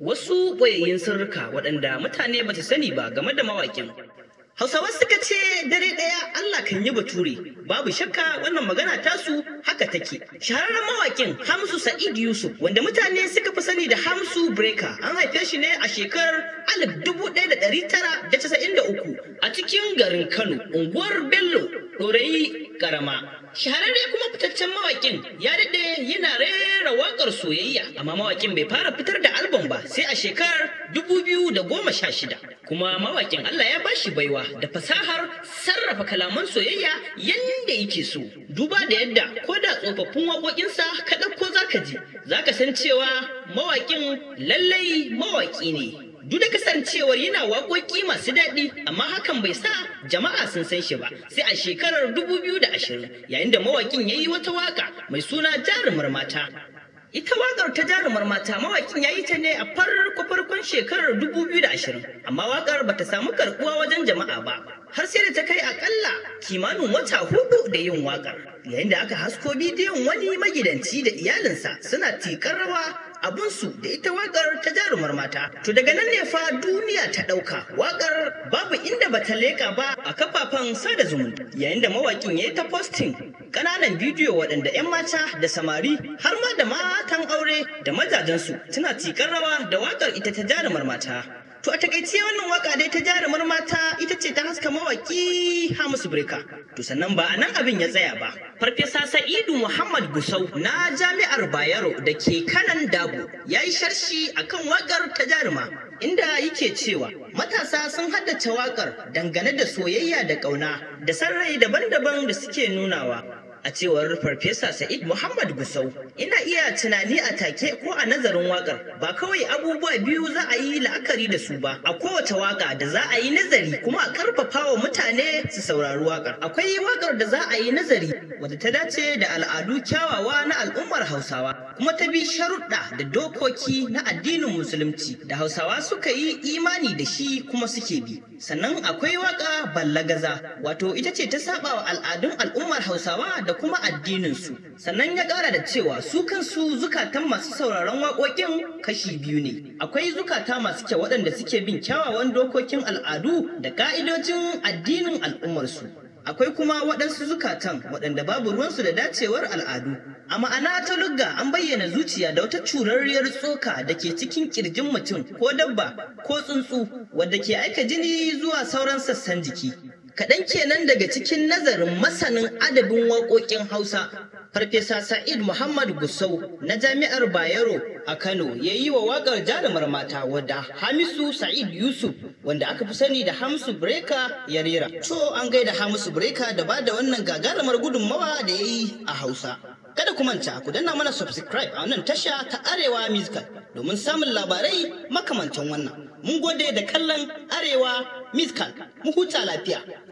wasu ɓoyayyin sirrika waɗanda mutane ba su sani ba game da mawaƙin. Hausawa suka ce dare ɗaya Allah kan yi bature, babu shakka wannan magana tasu haka take. Shahararren mawaƙin Hamsu Sa'id Yusuf wanda mutane suka fi sani da Hamsu Breaker an haife shi ne a shekarar 1993 a cikin garin Kano, unguwar Bello ɗorayi ƙarama shahararre kuma fitaccen mawaƙin ya daɗe yana rera waƙar soyayya amma mawaƙin bai fara fitar da album ba sai a shekarar dubu biyu da goma sha shida. kuma mawaƙin Allah ya bashi baiwa da fasahar sarrafa kalaman soyayya yadda yake so duba da yadda ko da tsofaffin waƙoƙinsa ka ɗauko zaka ji zaka san cewa mawaƙin lallai mawaƙi ne Duk da kasancewar yana waƙoƙi masu daɗi amma hakan bai sa jama'a sun san shi ba sai a shekarar da 2020 yayin da mawaƙin ya yi wata waƙa mai suna jarumar mata. Ita waƙar ta jarumar mata mawaƙin ya yi ta ne a farko farkon shekarar da 2020 amma waƙar bata samu karɓuwa wajen jama'a ba. har sai da ta kai akalla kimanin wata hudu da yin wakar yayin da aka hasko bidiyon wani magidanci da iyalinsa suna tikar rawa abunsu da ita wakar ta jarumar mata. To daga nan ne fa duniya ta ɗauka wakar babu inda ba ta leƙa ba a kafafen sada zumunta yayin da mawakin ya yi ta posting ƙananan bidiyo waɗanda 'yan mata da samari har ma da matan aure da mazajensu suna cikar rawa da wakar ita ta jarumar mata. To a takaice wannan waka dai ta jarumar mata ita ce ta haska mawaki Hamisu Breka. To sannan ba a nan abin ya tsaya ba. Farfesa Sa'idu Muhammad Gusau na Jami'ar Bayero da ke kanan Dabo ya yi sharshi a kan wakar ta jaruma inda yake cewa matasa sun haddace wakar dangane da soyayya da ƙauna da sarrai daban-daban da suke nunawa. A cewar Farfesa Sa'id Muhammad Gusau, ina iya tunani a take ko a nazarin wakar ba kawai abubuwa biyu za a yi la'akari da su ba, a kowace waka da za a yi nazari kuma a karfafa wa mutane su saurari wakar. Akwai wakar da za a yi nazari wadda ta dace da al'adu kyawawa na al'ummar Hausawa, kuma ta bi sharuɗa da dokoki na addinin Musulunci da Hausawa suka yi imani da shi kuma suke bi. Sannan akwai waka ballagaza, wato ita ce ta saba wa al'adun al'ummar Hausawa da kuma addininsu sannan ya ƙara da cewa su kansu zukatan masu sauraron waƙoƙin kashi biyu ne akwai zukata masu kyau waɗanda suke bin kyawawan dokokin al'adu da ƙa'idojin addinin al'ummarsu akwai kuma waɗansu zukatan waɗanda babu ruwansu da dacewar al'adu a ma'ana ta lugga an bayyana zuciya da wata curarriyar tsoka da ke cikin ƙirjin mutum ko dabba ko tsuntsu wadda ke aika jini zuwa sauran sassan jiki kaɗan kenan daga cikin nazarin masanin adabin waƙoƙin Hausa, Farfesa Sa'id Muhammad Gusau na Jami'ar Bayero a Kano ya yi wa waƙar jarumar mata wadda Hamisu Sa'id Yusuf wanda aka fi sani da Hamisu Breka ya rera. To an gaida Hamisu Breka da ba da wannan gagarumar gudunmawa da ya yi a Hausa. Kada ku manta ku danna mana subscribe a wannan tasha ta Arewa Musical domin samun labarai makamantan wannan. Mun gode da kallon Arewa Musical. Mu huta lafiya.